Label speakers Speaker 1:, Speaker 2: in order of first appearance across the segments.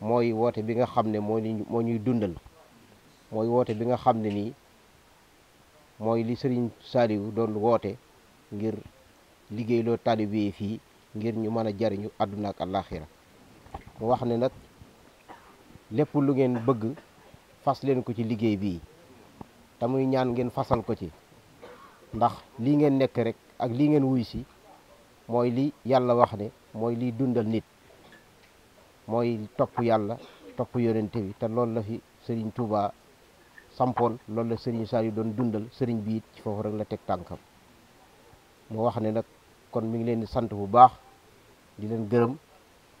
Speaker 1: mooy woote bi nga xam ne moo moo ñuy dundal mooy woote bi nga xam ne nii mooy li sëriñ Saliou doon woote ngir liggéey loo taalibe fii ngir ñu mën a jariñu àdduna ak àllaaxira mu wax ne nag lépp lu ngeen bëgg fas leen ko ci liggéey bii te muy ñaan ngeen fasal ko ci ndax lii ngeen nekk rek ak lii ngeen wuy si mooy li yàlla wax ne mooy liy dundal nit mooy topp yàlla topp yonente bi te loolu la fi Serigne Touba sampoon loolu la Serigne Saliou doon dundal Serigne bii ci foofu rek la teg tànkam mu wax ne nag kon mu ngi leen di sant bu baax di leen gërëm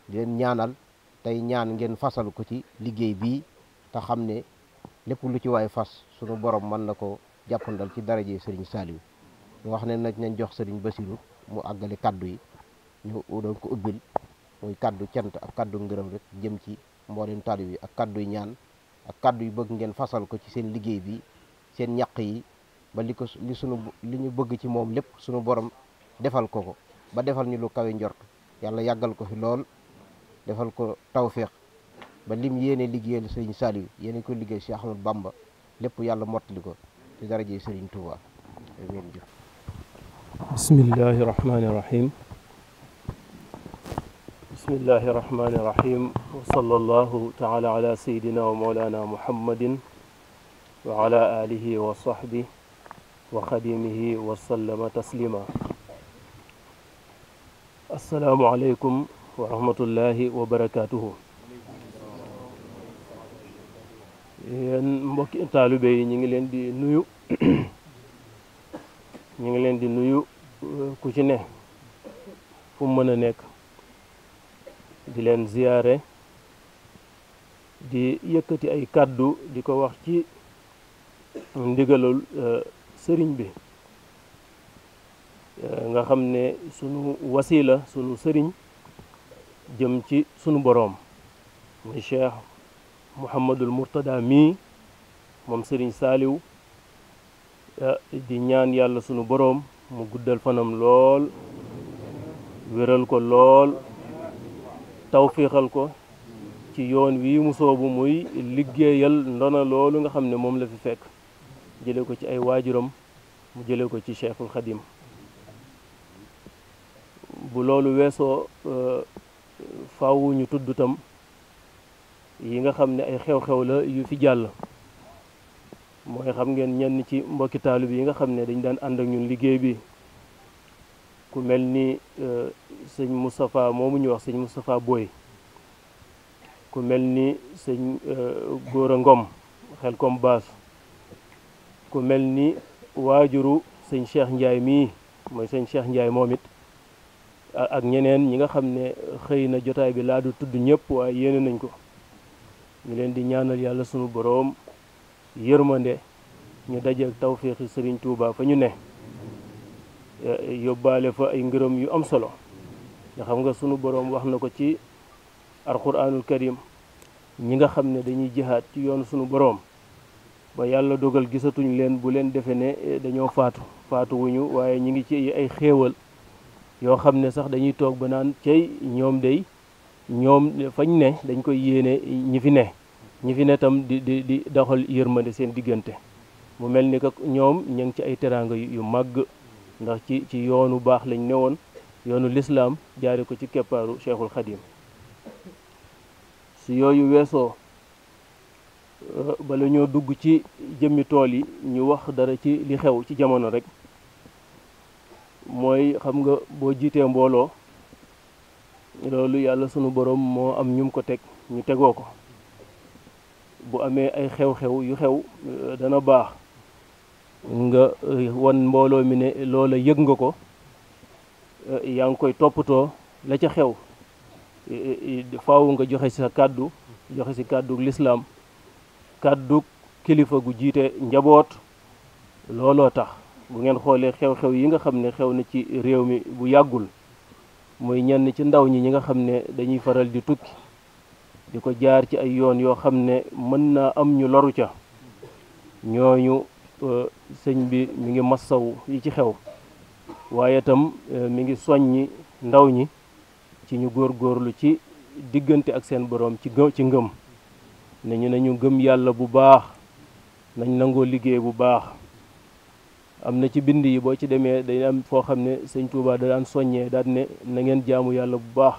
Speaker 1: di leen ñaanal tey ñaan ngeen fasal ko ci liggéey bii te xam ne lépp lu ci waay fas sunu borom mën na ko jàppandal ci daraje sëriñ Saliou mu wax ne nag nañ jox sëriñ Bassirou mu àggale kàddu yi ñu doon ko ubbil muy kaddu cant ak kaddu ngërëm rek jëm ci mboolem taalibe yi ak kaddu ñaan ak kaddu yu bëgg ngeen fasal ko ci seen liggéey bi seen ñaq yi ba li ko li sunu ñu bëgg ci moom lépp sunu borom defal ko ko ba defal ñu lu kawe njort yàlla yàggal ko fi lool defal ko tawféex ba lim yéene liggéeyal sëriñ Saliou yéene ko liggéey Cheikh Ahmadou bàmba lépp yàlla mottali ko ci daraje sëriñ Touba amiin
Speaker 2: bismillahi bismillahi irrahmani irrahim wa sallallahu taala ala sayidina wa mawlana muhammadin wa ala alihi wa sahbi wa xadimihi wa sallama taslima assalaamu aleykum wa rahmatullahi wa barakatuhu yéen mbokki taalibe yi ñu ngi leen di nuyu ñu ngi leen di nuyu ku ci ne fu mu mën a nekk di leen ziyaare di yëkkati ay kàddu di ko wax ci ndigalul e, sëriñ bi e, nga xam ne sunu wasila sunu sëriñ jëm ci sunu boroom muy cheikh muhammadul murtada mii moom sëriñ saaliw e, di ñaan yàlla sunu boroom mu guddal fanam lool wéral ko lool tawfiixal ko ci yoon wii mu soobu muy liggéeyal ndona loolu nga xam ne moom la fi fekk jële ko ci ay waajuram mu jële ko ci cheikhul xadim bu loolu weesoo euh, faaw ñu tudd yi nga xam ne ay xew-xew la yu fi jàll mooy xam ngeen ñenn ci mbokki taalib yi nga xam ne dañ daan ànd ak ñun liggéey bi ku mel ni e, sëñ Moustapha moomu ñu wax sëñ Moustapha Boy ku mel ni sëñ e, Gora Ngom xel kom baas ku mel ni waajuru sëñ Cheikh Ndiaye mii mooy sëñ Cheikh njaay moom it ak ñeneen ñi nga xam ne xëy na jotaay bi laa du tudd ñëpp waaye yéene nañ ko ñu leen di ñaanal yàlla sunu boroom yërmande ñu dajeek tawféexi sëriñ Touba fa ñu ne Eh, yóbbaale fa ay ngërëm yu am solo nga xam nga sunu boroom wax na ko ci alquranul karim ñi nga xam ne dañuy jihaat ci yoon sunu boroom ba yàlla dogal gisatuñ leen bu leen defe ne eh, dañoo faatu faatu waaye ñi ngi ci ay xéewal yoo xam ne sax dañuy toog ba naan cey ñoom day ñoom fañ ne dañ koy yéene ñi fi ne ñi fi ne tam di di di doxal yërmande seen diggante mu mel ni que ñoom ña ngi ci ay teraanga yu màgg ndax ci ci yoonu baax lañ newoon yoonu lislaam jaare ko ci keppaaru cheikhul xadim si yooyu weesoo euh, bala ñoo dugg ci jëmmi tool yi ñu wax dara ci li xew ci jamono rek mooy xam nga boo jiitee mbooloo loolu yàlla sunu borom moo am ñum ko teg ñu tegoo ko bu amee ay xew-xew yu xew euh, dana baax nga eh, wan mbooloo mi ne loola yëg nga ko eh, yaa ngi koy toppatoo la ca xew eh, faaw nga joxe sa kàddu joxe si kàddu lislaam kàddu kilifa gu jiite njaboot looloo tax bu ngeen xoolee xew-xew yi nga xam ne xew na ci réew mi bu yàggul mooy ñenn ci ndaw ñi ñi nga xam ne dañuy faral di tukki di ko jaar ci ay yoon yoo xam ne mën naa am ñu loru ca ñooñu Euh, sëñ bi mu ngi massaw yi ci xew waaye tam euh, mi ngi soññi ndaw ñi ci ñu góorgóorlu ci diggante ak seen boroom ci ci ngëm ne ñu nañu gëm yàlla bu baax nañ nangoo liggéey bu baax am na ci bind yi boo ci demee dañ am foo xam ne sëñ Tuubaa da daan soññee daal ne na ngeen jaamu yàlla bu baax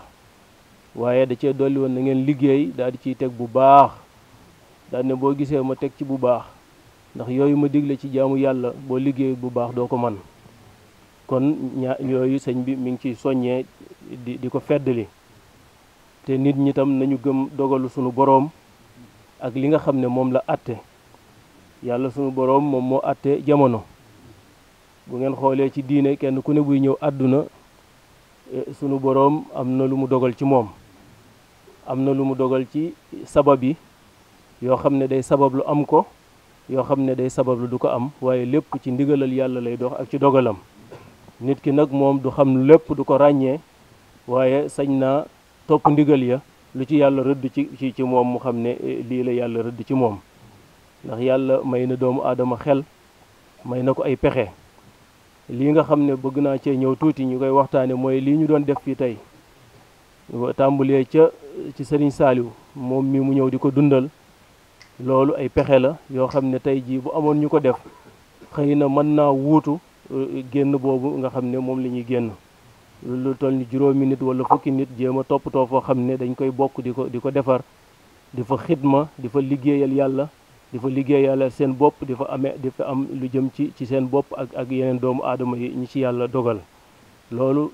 Speaker 2: waaye da cee dolli woon na ngeen liggéey daal di ciy teg bu baax daal ne boo gisee ma teg ci bu baax ndax yooyu ma digle ci jaamu yàlla boo liggéey bu baax doo ko man kon ñaa yooyu sëñ bi mi ngi ciy soññee di di ko feddali te nit ñi tam nañu gëm dogalu sunu boroom ak li nga xam ne moom la àtte yàlla sunu boroom moom moo àtte jamono bu ngeen xoolee ci diine kenn ku ne buy ñëw àdduna e, sunu boroom am na lu mu dogal ci moom am na lu mu dogal ci sabab yi yoo xam ne day sabab lu am ko yoo xam ne day sabab lu du ko am waaye lépp ci ndigalal yàlla lay dox ak ci dogalam nit ki nag moom du xam lépp du ko ràññee waaye sañ naa topp ndigal ya lu ci yàlla rëdd ci ci ci moom mu xam ne eh, lii la yàlla rëdd ci moom ndax yàlla may na doomu aadama xel may na ko ay pexe lii nga xam ne bëgg naa cee ñëw tuuti ñu koy waxtaane mooy lii ñu doon def fii tey tàmbulee ca ci sëriñ saaliw moom mii mu ñëw di ko dundal loolu ay pexe la yoo xam ne tey jii bu amoon ñu ko def xëy na mën naa wuutu euh, génn boobu nga xam ne moom lañuy génn lu toll ni juróomi nit wala fukki nit jéem a toppatoo foo xam ne dañ koy bokk di ko di ko defar di fa xidma di fa liggéeyal yàlla di fa liggéeyal seen bopp di fa amee di fa am lu jëm ci ci seen bopp ak ak yeneen doomu aadama yi ñu ci yàlla dogal loolu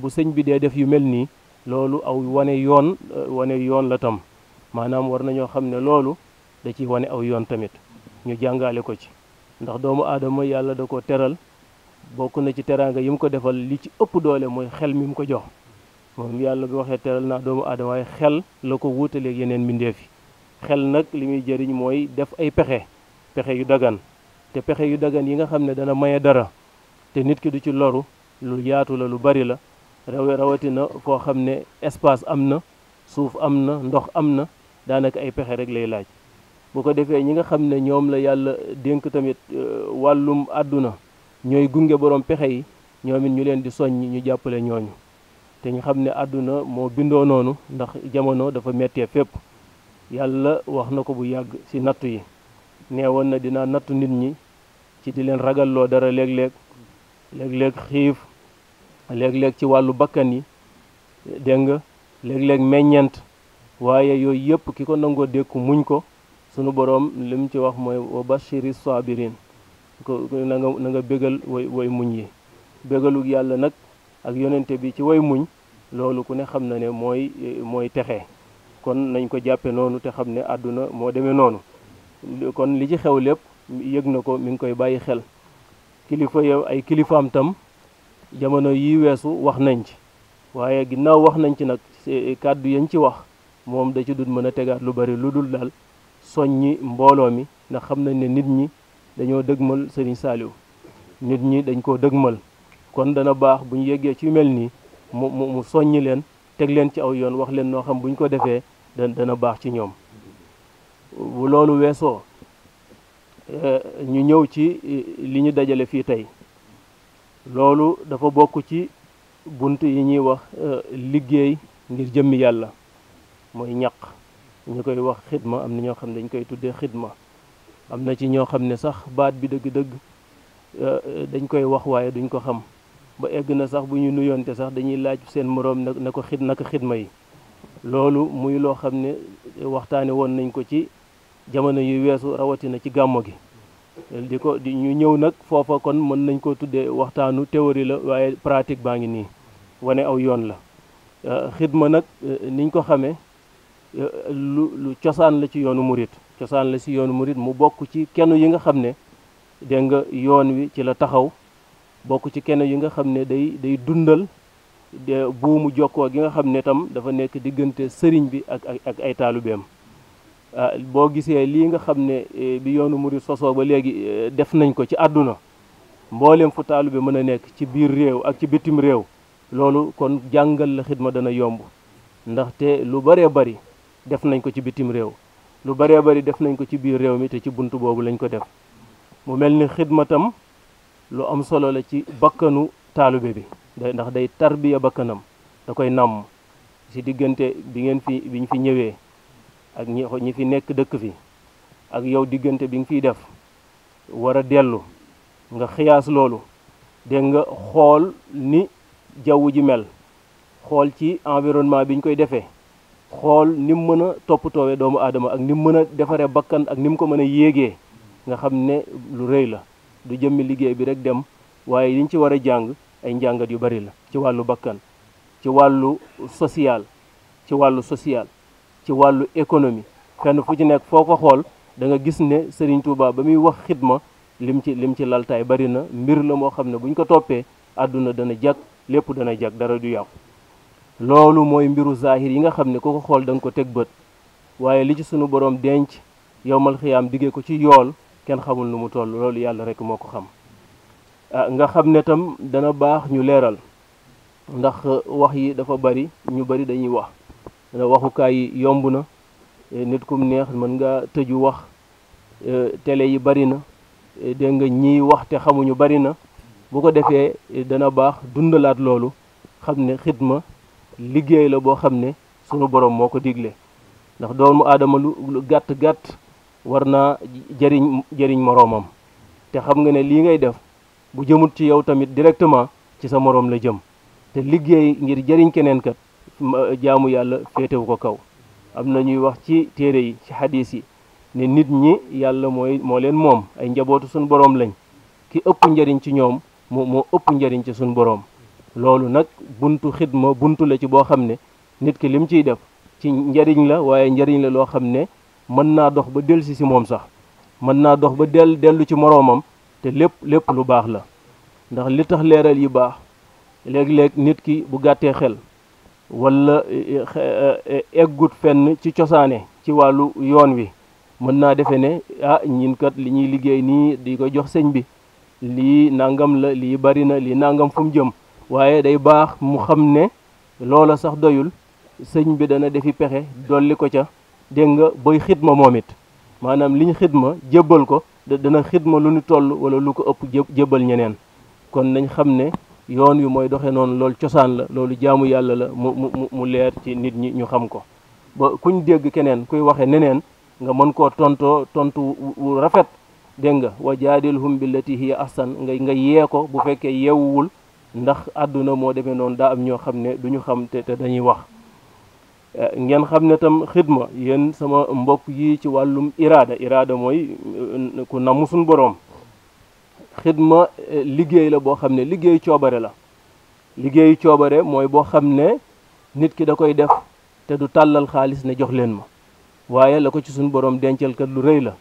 Speaker 2: bu sëñ bi dee def yu mel nii loolu aw wane yoon euh, wane yoon la tam maanaam war nañoo xam ne loolu da ci wane aw yoon tamit ñu jàngale ko ci ndax doomu aadama yàlla da ko teral bokk na ci teraanga yi mu ko defal li ci ëpp doole mooy xel mi mu ko jox moom yàlla bi waxee teral naa doomu aadama waaye xel la ko wuutaleeg yeneen mbindeef yi xel nag li muy jëriñ mooy def ay pexe pexe yu dagan te pexe yu dagan yi nga xam ne dana maye dara te nit ki du ci loru lu yaatu la lu bari la rawe rawatina foo xam ne espace am na suuf am na ndox am na daanaka ay pexe rek lay laaj boo ko defee ñi nga xam ne ñoom la yàlla dénk tamit euh, wàllum àdduna ñooy gunge borom pexe yi ñoomit ñu leen di soññ ñu jàppale ñooñu te ñu xam ne àdduna moo bindoo noonu ndax jamono dafa mettee fépp yàlla wax na ko bu yàgg ci nattu yi nee woon na dinaa nattu nit ñi ci di leen ragalloo dara léeg-léeg léeg xiif léeg-léeg ci wàllu bakkan yi dégg nga léeg-léeg meññeent waaye yooyu yëpp ki ko nangoo dékku muñ ko sunu boroom lim ci wax mooy wa bashiri sabirin ko nanga nga na nga bégal way way muñ yi bégalug yàlla nag ak yonente bi ci woy muñ loolu ku ne xam na ne mooy mooy texe kon nañ ko jàppe noonu te xam ne àdduna moo demee noonu kon li ci xew lépp yëg na ko mi ngi koy bàyyi xel kilifa yow ay kilifaam tam jamono yi weesu wax nañ ci waaye ginnaaw wax nañ ci nag kàddu yañ ci wax moom da ci dut mën a tegaat lu bari lu dul daal soññi mbooloo mi ndax xam nañ ne nit ñi dañoo dëgmal Serigne Saliou nit ñi dañ koo dëgmal kon dana baax bu ñu yeggee ci mel nii mu mu mu soññi leen teg leen ci aw yoon wax leen noo xam bu ñu ko defee da dana baax ci ñoom bu loolu weesoo eh, ñu ñëw ci eh, li ñu dajale fii tey loolu dafa bokk ci bunt yi ñuy wax eh, liggéey ngir jëmmi yàlla mooy ñaq ñu koy wax xidma am na ñoo xam ne dañ koy tuddee xidma am na ci ñoo xam ne sax baat bi dëgg-dëgg euh, euh, dañ koy wax waaye duñ ko xam ba egg na sax bu ñu nuyoon te sax dañuy laaj seen moroom na ko xid naka xidma yi loolu muy loo xam ne eh, waxtaane woon nañ ko ci jamono yu weesu rawatina ci gàmmo gi di ko di ñu ñëw nag foofa kon mën nañ ko tuddee waxtaanu théorie la waaye pratique baa ngi nii wane aw yoon la euh, xidma nag niñ ko xamee lu cosaan la ci yoonu murit cosaan la ci yoonu murit mu bokk ci kenn yi nga xam ne dégg nga yoon wi ci la taxaw bokk ci kenn yi nga xam ne day day dundal buumu jokkoo gi nga xam ne tam dafa nekk diggante sëriñ bi ak ak ay taalubeem ah, boo gisee lii nga xam ne e, bi yoonu murit sosoo ba léegi e, def nañ ko ci àdduna mboolem fu taalube mën a nekk ci biir réew ak ci bitim réew loolu kon jàngal la xidma dana yomb ndaxte lu baree bari def nañ ko ci bitim réew lu bëree bari def nañ ko ci biir réew mi te ci bunt boobu lañ ko def mu mel ni xidmatam lu am solo la ci bakkanu taalibe bi ndax day tarbiya bakkanam da koy nàmm ci diggante bi ngeen fi biñ fi ñëwee ak ñi ñi fi nekk dëkk fi ak yow diggante bi nga fiy def war a dellu nga xiyaas loolu dégg nga xool ni jaww ji mel xool ci environnement biñ koy defee xool ni mu mën a toppatoowee doomu aadama ak ni mu mën a defaree bakkan ak ni mu ko mën a yéegee nga xam ne lu rëy la du jëmmi liggéey bi rek dem waaye liñ ci war a jàng ay njàngat yu bari la ci wàllu bakkan ci wàllu social ci wàllu social ci wàllu économie fenn fu ci nekk foo ko xool da nga gis ne Serigne Touba ba muy wax xidma lim ci lim ci laltaay bari na mbir la moo xam ne buñ ko toppee àdduna dana jag lépp dana jag dara du yàqu loolu mooy mbiru zahir yi nga xam ne ku ko xool danga ko teg bët waaye li ci sunu borom denc yowmal xiyaam diggee ko ci yool kenn xamul nu mu toll loolu yàlla rek moo ko xam ah, nga xam ne tam dana baax ñu leeral ndax wax yi dafa bari ñu bari dañuy wax waxukaay yi yomb na eh, nit kum neex mën nga tëju wax eh, télé yi bari na eh, dégg nga ñiy wax te xamuñu bari na boo ko defee dana baax dundalaat loolu xam ne xidma liggéey la boo xam ne sunu borom moo ko digle ndax doomu aadama lu lu gàtt gàtt war na jëriñ jëriñ moroomam te xam nga ne lii ngay def bu jëmul ci yow tamit directement ci sa moroom la jëm te liggéey ngir jëriñ keneen kat jaamu yàlla féetewu ko kaw am na ñuy wax ci téere yi ci xadiis yi ne nit ñi yàlla mooy moo leen moom ay njabootu suñu boroom lañ ki ëpp njëriñ ci ñoom moo moo ëpp njëriñ ci suñu boroom loolu nag buntu xidma buntu la ci boo xam ne nit ki lim ciy def ci njariñ la waaye njariñ la loo xam ne mën naa dox ba dellu si si moom sax mën naa dox ba del dellu ci moroomam te lépp lépp lu baax la ndax li tax leeral yi baax léeg-léeg nit ki bu gàttee xel walla e, e, e, eggut fenn ci cosaane ci wàllu yoon wi mën naa defe ne ah ñin kat li ñuy liggéey nii di ko jox sëñ bi lii nangam la lii bari na lii nangam fu mu jëm waaye day baax mu xam ne loola sax doyul sëñ bi dana defi pexe dolli ko ca dégg nga boy xidma moom it maanaam liñ xidma jébbal ko dana xidma lu ñu toll wala lu ko ëpp jébbal ñeneen kon nañ xam ne yoon wi mooy doxe noonu loolu cosaan la loolu jaamu yàlla la mu mu mu leer ci nit ñi ñu xam ko ba kuñ dégg keneen kuy waxe neneen nga mën koo tontoo tontu wu rafet dégg nga wa jaadilhum billati hiya ahsan nga nga yee ko bu fekkee yeewuwul ndax àdduna moo demee noonu daa am ñoo xam ne du ñu xam te dañuy wax eh, ngeen xam ne tam xidma yéen sama mbokk yi ci wàllum iraada iraada mooy eh, ku namu suñ boroom xidma eh, liggéey la boo xam ne liggéey coobare la liggéey coobare mooy boo xam ne nit ki da koy def te du tàllal xaalis ne jox leen ma waaye la ko ci suñ boroom dencal kat lu rëy la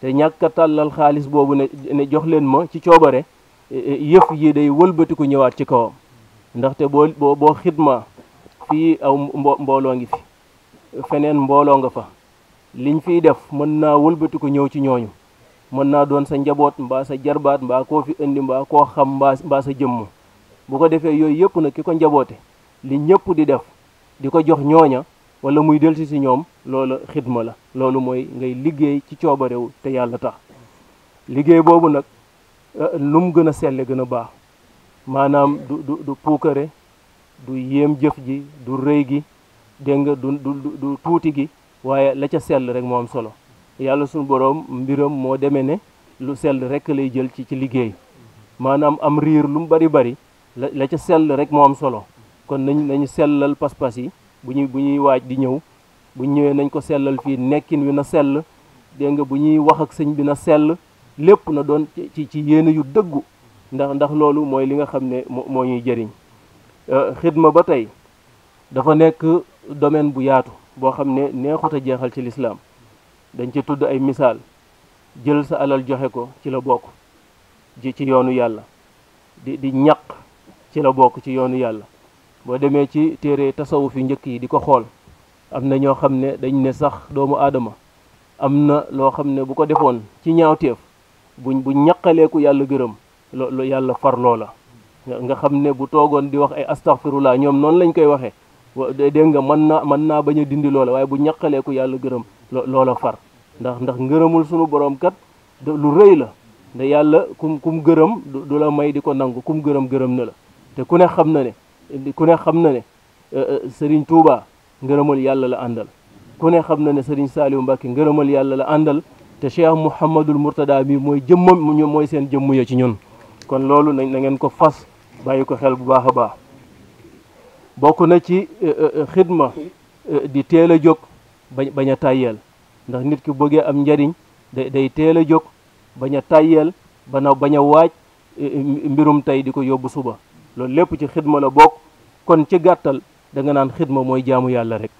Speaker 2: te ñàkk tàllal xaalis boobu ne ne jox leen ma ci coobare yëf yi day wëlbatiku ñëwaat ci kawam ndaxte boo boo xidma fii aw mbooloo ngi fi feneen mbooloo nga fa liñ fiy def mën naa wëlbatiku ñëw ci ñooñu mën naa doon sa njaboot mbaa sa jarbaat mbaa koo fi indi mbaa koo xam mbaa sa jëmm bu ko defee yooyu yëpp nag ki ko njaboote li ñëpp di def di ko jox ñooña wala muy delsi si ñoom loolu xidma la loolu mooy ngay liggéey ci coobarewu te yàlla tax liggéey boobu nag Euh, lu mu gën a selle gën a baax maanaam du du du puukare du yéem jëf ji du rëy gi dégg nga du du tuuti gi waaye la ca sell rek moo am solo yàlla suñu boroom mbiram moo demee ne lu sell rek lay jël ci ci liggéey maanaam am riir lu mu bari bari la la ca sell rek moo am solo kon nañ nañu sellal pas-pas yi bu ñuy bu ñuy waaj di ñëw bu ñëwee nañ ko sellal fii nekkin wi na sell dégg nga bu ñuy wax ak sëñ bi na sell lépp na doon ci ci yéene yu dëggu ndax ndax loolu mooy li nga xam ne moo ñuy jëriñ euh, xidma ba tey dafa nekk domaine bu yaatu boo xam ne neexut a jeexal ci lislaam dañ ci tudd ay misaal jël sa alal joxe ko ci la bokk ji ci yoonu yàlla di di ñaq ci la bokk ci yoonu yàlla boo demee ci téere tasawu yu njëkk yi di ko xool am na ñoo xam ne dañ ne sax doomu aadama am na loo xam ne bu ko defoon ci ñaawteef buñ ñaqalee ñaqaleeku yàlla gërëm lo yàlla far loola nga xam ne bu toogoon di wax ay laa ñoom noonu lañ koy waxee dégg nga mën naa mën naa bañ a dindi loola waaye bu ñaqaleeku yàlla gërëm loola far ndax ndax ngërëmul sunu borom kat lu rëy la da yàlla kum kum gërëm du la may di ko nangu kum gërëm gërëm na la te ku ne xam na ne ku ne xam na ne euh, euh, Serigne Touba ngërëmal yàlla la àndal ku ne xam na ne Serigne Saliou Mbacke ngërëmal yàlla la àndal te Cheikh Mouhamadul Mourtada bi mooy jëmmam mooy seen jëmm ya ci ñun kon loolu na ngeen ko fas bàyyi ko xel bu baax a baax bokk na ci eh, eh, eh, xidma di teel a jóg bañ a tàyyeel ndax nit ki bëggee am njariñ day day teel a jóg bañ a tàyyeel bana bañ a waaj mbirum tey di ko yóbbu suba loolu lépp ci xidma la bokk kon ci gàttal danga nga naan xidma mooy jaamu yàlla rek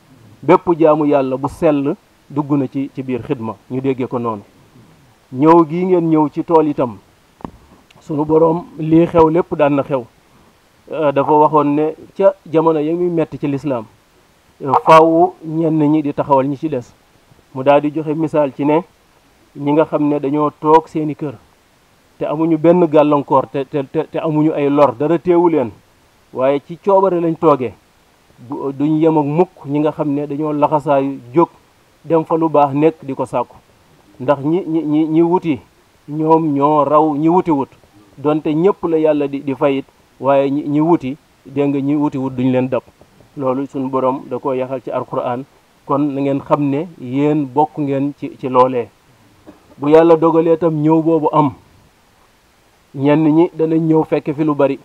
Speaker 2: bépp jaamu yàlla bu sell dugg na ci ci biir xidma ñu déggee ko noonu ñëw gi ngeen ñëw ci tool itam sunu boroom lii xew lépp daan na xew euh, dafa waxoon ne ca jamono ya muy metti ci lislaam euh, faaw ñenn ñi di taxawal ñi ci des mu daal di joxe misaal ci ne ñi nga xam ne dañoo toog seeni kër te amuñu benn gàllankoor te te te amuñu ay lor dara teewu leen waaye ci coobare lañ tooge duñ yem ak mukk ñi nga xam ne dañoo laxasaayu jóg dem fa lu baax nekk di ko sàkku ndax ñi ñi ñi wuti ñoom ñoo raw ñi wuti wut donte ñëpp la yàlla di di fayit waaye ñi wuti dégg nga ñi wuti wut duñ leen dab loolu suñu borom da ko yaxal ci alquran kon na ngeen xam ne yéen bokk ngeen ci ci loolee bu yàlla dogalee itam ñëw boobu am ñenn ñi danañ ñëw fekk fi lu bari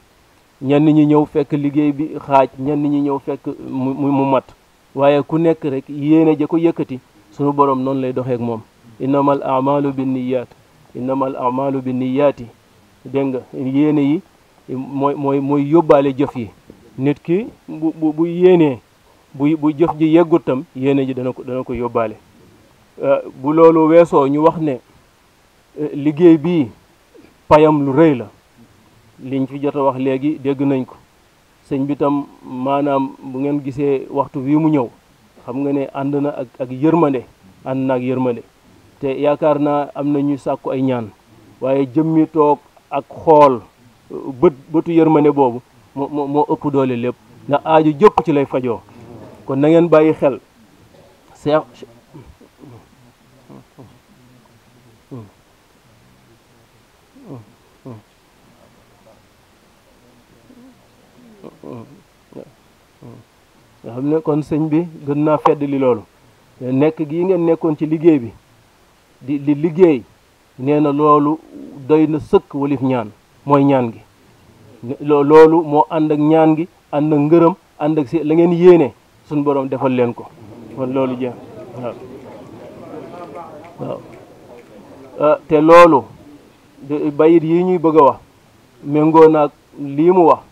Speaker 2: ñenn ñi ñëw fekk liggéey bi xaaj ñenn ñi ñëw fekk mu mu mat waaye ku nekk rek yéene ja ko yëkkati sunu borom noonu lay doxeek moom nomal innamal amalu binniyaat innamal amalu binniyaati dégg nga yéene yi mooy mooy mooy jëf yi nit ki bu bu bu bu jëf ji yeggut tam ji dana ko dana ko yóbbaale euh, bu loolu weesoo ñu wax ne euh, liggéey bi payam lu rëy la liñ fi jot a wax léegi dégg nañ ko sëñ bi tam maanaam bu ngeen gisee waxtu wi mu ñëw xam nga ne ànd na ak ak yërmande ànd na ak yërmande te yaakaar na am na ñu sàkku ay ñaan waaye jëmmi toog ak xool bët bëtu yërmande boobu moo moo ëpp doole lépp ndax aaju jëpp ci lay fajoo kon na ngeen bàyyi nga xam ne kon sëñ bi gën naa fedd li loolu nekk gii ngeen nekkoon ci liggéey bi di di liggéey nee na loolu day na sëkk walif ñaan mooy ñaan gi loolu moo ànd ak ñaan gi ànd ak ngërëm ànd ak si la ngeen yéene suñ borom defal leen ko loolu jeex ah, te loolu bayit yi ñuy bëgg a wax méngoo naag lii mu wax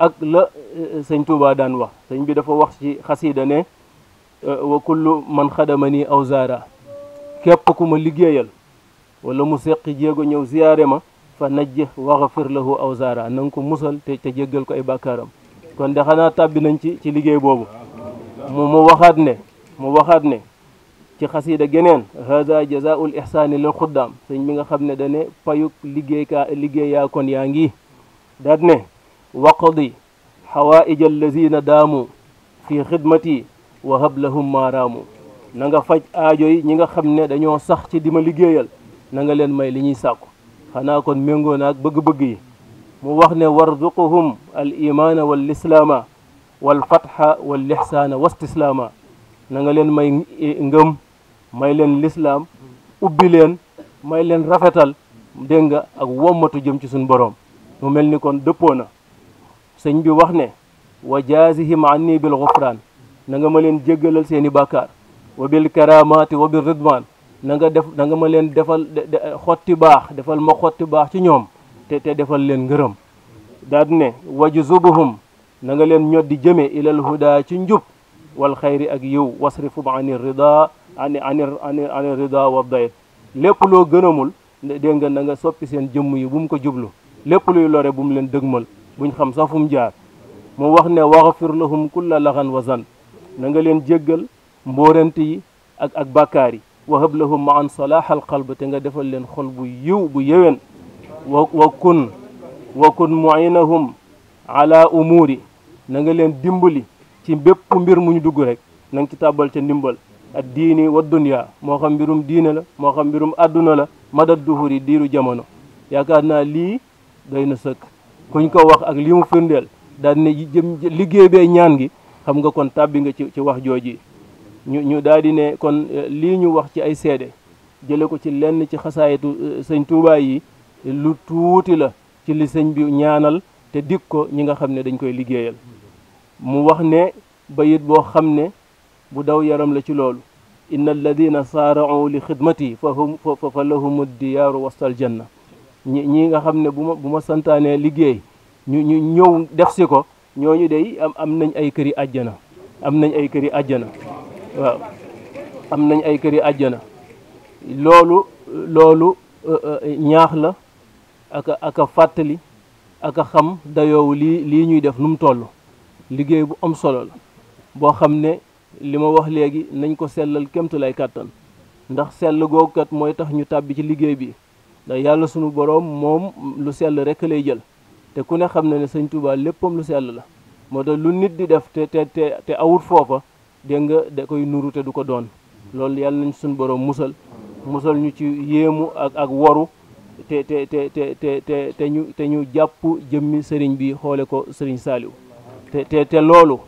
Speaker 2: ak la eh, eh, sëñ Touba daan wax sëñ bi dafa wax ci xasiida ne eh, wa kullu man xadama ni aw zaara képp ku ma liggéeyal wala mu seqi jéego ñëw ziyaare ma fa najj waxafir lahu aw zaara na nga ko musal te te ko ay bakkaram kon de xanaa tàbbi nañ ci ci liggéey boobu mu mu waxaat ne mu waxaat ne ci xasiida geneen hada jazaul ihsaani lil xuddaam sëñ bi nga xam ne da payuk liggéeykaa liggéey ya kon yaa ngi daat ne waqdi xawaaija allazina daamu fi xidmati wa hab lahum maaraamu na nga faj aajo yi ñi nga xam ne dañoo sax ci di ma liggéeyal na nga leen may li ñuy sàkku xanaa kon méngoo naag bëgg-bëgg yi mu wax ne warzuquhum al imaana wal islaama wal fatxa leen may ngëm may leen lislaam ubbi leen may leen rafetal dégg nga ak wommatu jëm ci suñu borom mu mel ni kon dëppoo na sëñ bi wax ne wa jaazihim anni bil xufraan na nga ma leen jéggalal seeni i bàkkaar wa bil karamaati wa bil ridwaan na nga def nanga ma leen defal xotti baax defal ma xotti baax ci ñoom te te defal leen ngërëm daal ne wajzubuhum na nga leen ñoddi jëme ilal huda ci njub wal xayri ak yiw wasrifum ani rida ani ani ani ani rida wa dayf lépp loo gënamul dégg nga na nga soppi seen jëmm yi bu mu ko jublu lépp luy lore bu mu leen dëgmal buñ xam sax fu mu jaar mu wax ne waxfir lahum kulla laxan wa zan na nga leen jéggal mbóorante yi ak ak bàkkaar yi wahab lahum ma an salaahal qalb te nga defal leen xol bu yiw bu yëwén wa wa kun wa kun muinahum ala umuuri na nga leen dimbali ci bépp mbir mu ñu dugg rek na ci tàbbal ca ndimbal ak diini wa dunya moo xam mbirum diine la moo xam mbirum àdduna la madad duhuri diiru jamono yaakaar naa lii doy na sëkk kuñ ko wax ak li mu firndeel daal ne jëm liggéey bee ñaan gi xam nga kon tàbbi nga ci ci wax jooji ñu ñu daal di ne kon euh, lii ñu wax ci ay seede jële ko ci lenn ci xasaayitu euh, sëñ Tuubaa yi lu tuuti la ci li sëñ bi ñaanal te dig ko ñi nga xam ne dañ koy liggéeyal mu wax ne bayit boo xam ne bu daw yaram la ci loolu inna alladina saara'u li xidmati fa hum fa lahum ddiyaaru wastal janna ñi ñii nga xam ne bu ma bu santaanee liggéey ñu ñu ñëw def si ko ñooñu day am am nañ ay këri àjjana am nañ ay këri àjjana waaw am nañ ay këri àjjana loolu loolu euh, euh, ñaax la ak ak fàttali ak xam dayoowu lii lii ñuy def nu mu toll liggéey bu am solo boo xam ne li ma wax léegi nañ ko sellal kémtu lay kàttan ndax sell googu kat mooy tax ñu tàbbi ci liggéey bi ndax yàlla sunu borom moom lu sell rekk lay jël te ku ne xam na ne sëñ Tuubaa léppam lu sell la moo tax lu nit di def te te te te awut foofa dégg nga da koy nuru te du ko doon loolu yàlla nañ suñu borom musal musal ñu ci yéemu ak ak waru te te te te te te ñu jàpp jëmmi sëriñ bi xoole ko sëriñ Saaliw te te loolu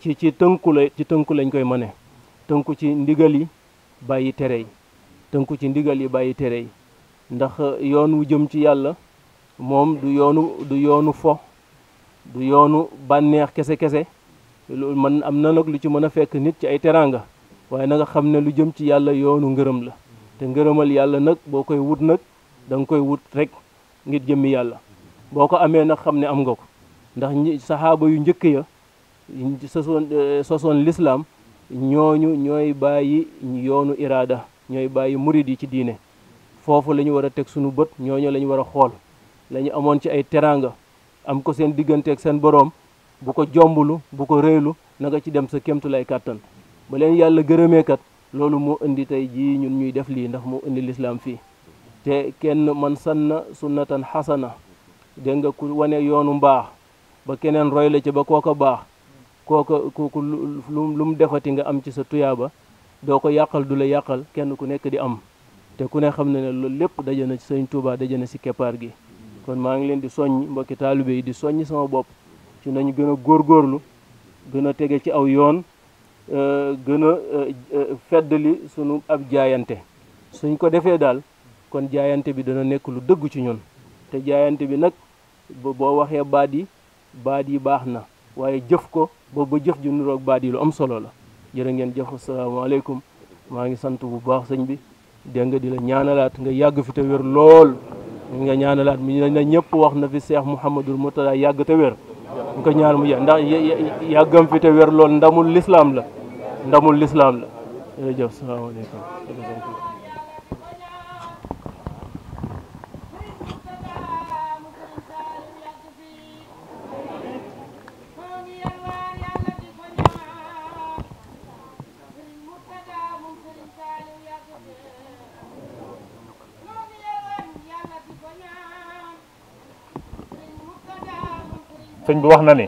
Speaker 2: ci ci tënku la tënku lañ koy mëne tënku ci ndigal yi bàyyi tere yi tënku ci ndigal yi bàyyi tere yi ndax yoon wu jëm ci yàlla moom du yoonu du yoonu fo du yoonu bànneex kese kese loolu man am na nag lu ci mën a fekk nit ci ay teraanga waaye na xam ne lu jëm ci yàlla yoonu ngërëm la te ngërëmal yàlla nag boo koy wut nag danga koy wut rek ngir jëmmi yàlla boo ko amee nag xam ne am nga ko ndax ñi yu njëkk ya sosoon eh, sosoon lislaam ñooñu ñooy bàyyi yoonu iraada ñooy bàyyi murid yi ci diine foofu la ñu war a teg suñu bët ñooñu la ñu war a xool lañu amoon ci ay teraanga am ko seen diggante ak seen boroom bu ko jombulu bu ko réylu na nga ci dem sa kémtulay kàttan ba leen yàlla gërëmeekat loolu moo indi tey jii ñun ñuy def lii ndax moo indi lislaam fii te kenn man sanna sunnatan xasana dégg nga ku wane yoonu mbaax ba keneen roy la ci ba kooka baax kooka kooku lu mu defati nga am ci sa tuyaaba doo ko yàqal du la yàqal kenn ku nekk di am te ku ne xam na ne loolu lépp daje na ci sëñ Touba daje na si keppaar gi kon maa ngi leen di soññ mbokki taalibe yi di soññ sama bopp ci nañu gën a góorlu gën a tege ci aw yoon euh, gën a euh, euh, feddali sunu ab jaayante suñ ko defee daal kon jaayante bi dana nekk lu dëggu ci ñoon te jaayante bi nag boo waxee baat yi baat yi baax na waaye jëf ko ba jëf ju nuroog baat yi lu am solo la jërë ngeen jëf asalaamaaleykum maa ngi sant bu baax sëñ bi dégg nga di la ñaanalaat nga yàgg fi te wér lool nga ñaanalaat mi ne ñëpp wax na fi mu Mouhamadul Mourtada yàgg te wér ñu ko ñaan mu yàgg ndax yàggam fi te wér lool ndamul lislaam la ndamul lislaam la
Speaker 3: sëñ bi wax na ni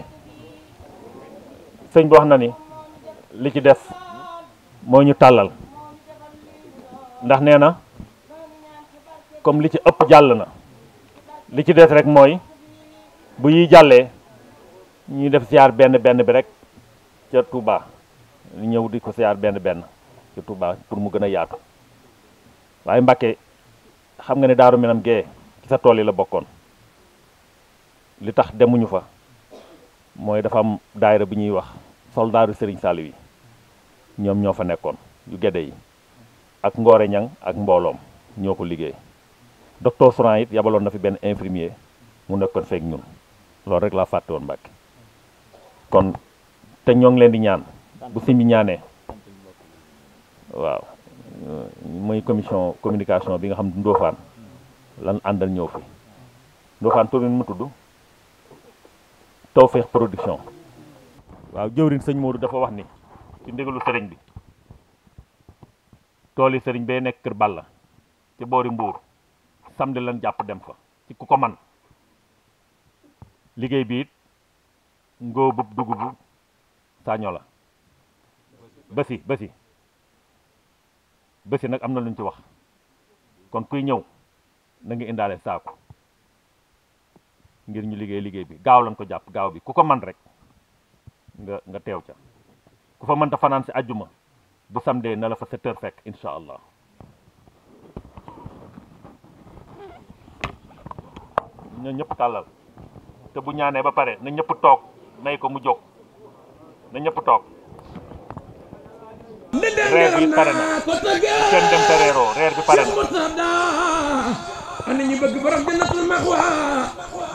Speaker 3: sëñ bi wax na ni li ci des moo ñu tàllal ndax nee na comme li ci ëpp jàll na li ci des rek mooy bu yi jàllee ñuy def siyaar benn benn bi rek ca Touba ñëw di ko siyaar benn benn ca Touba pour mu gën a yaatu waaye Mbàkke xam nga ne Daaru Minam gee ci sa tool yi la bokkoon li tax demuñu fa mooy dafa am daayira bu ñuy wax soldaaru Serigne saali wi ñoom ñoo fa nekkoon yu gedde yi ak Ngoore Ñang ak mbooloom ñoo ko liggéey docteur Souran it yabaloon na fi benn infirmier mu nekkoon feek ñun loolu rek laa fàtte woon Mbàkke kon te ñoo ngi leen di ñaan bu sëñ bi ñaanee waaw mooy commission communication bi nga xam ne Ndofane lan àndal ñëw fi Ndofane tur mu tudd Tawfekh production waaw jëwriñ sëñ Modou dafa wax ni ci ndigalu sëriñ bi tool yi sëriñ bay nekk kër la ci boori Mbour samedi lan jàpp dem fa ci ku ko man liggéey bi it ngóobub dugubu saaño la basi basi basi nag am na lu ñu ci wax kon kuy ñëw na nga indaale saako ngir ñu liggéey liggéey bi gaaw lañ ko jàpp gaaw bi ku ko man rek nga nga teew ca ku fa mënta fanaan si àjjuma bu samedi na la fa sept heures fekk incha allah na ñëpp tàllal te bu ñaanee ba pare na ñëpp toog may ko mu jóg na ñëpp toog reer bi pare na kenn dem te reeroo reer bi pare
Speaker 2: na mën nañu bëgg borom jannatul maxwa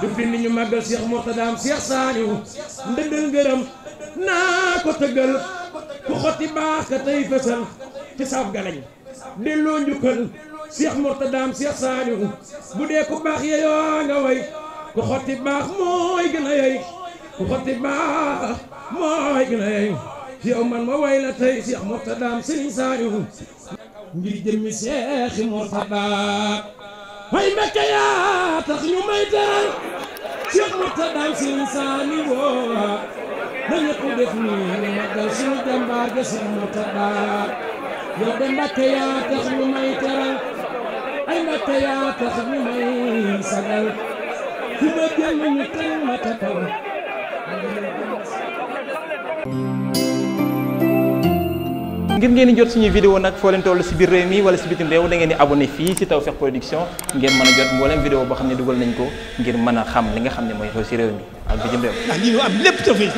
Speaker 2: du bind ñu màggal Seex Murtadaam Seex Saaliw ndëggal ngërëm naa ko tëggal ku xotti baax ka tey fësal ci saaf galañ delloo njukkal Seex Murtadaam Seex Saaliw bu dee ku baax yeyoo nga way ku xotti baax mooy gën a yey xotti baax mooy gën a yey yow man ma way la tey Seex Murtadaam Sëriñ Saaliw ngir jëmmi Seexi Murtadaa way Mbakke yaa tax ñu may teral
Speaker 1: Cheikh Moussa daal seen saani woo na ñëpp def nii na magal suñu jàmbaar ga Cheikh Moussa daal yow de Mbakke yaa tax ñu may teral ay Mbakke yaa tax ñu may sagal fi ma jëm ñu tënk ma
Speaker 2: ngir ngeen di jot suñuy vidéo nag foo leen toll si biir réew mi wala si bitim réew da di abonné fii si Tawfekh Production ngeen mën a jot mboolem vidéo boo xam ne dugal nañ ko ngir mën a xam li nga xam
Speaker 3: ne mooy xew si réew mi ak bitim réew.
Speaker 2: ndax lii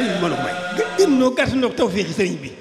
Speaker 2: gën noo gàtt noo Tawfekh sëriñ bi.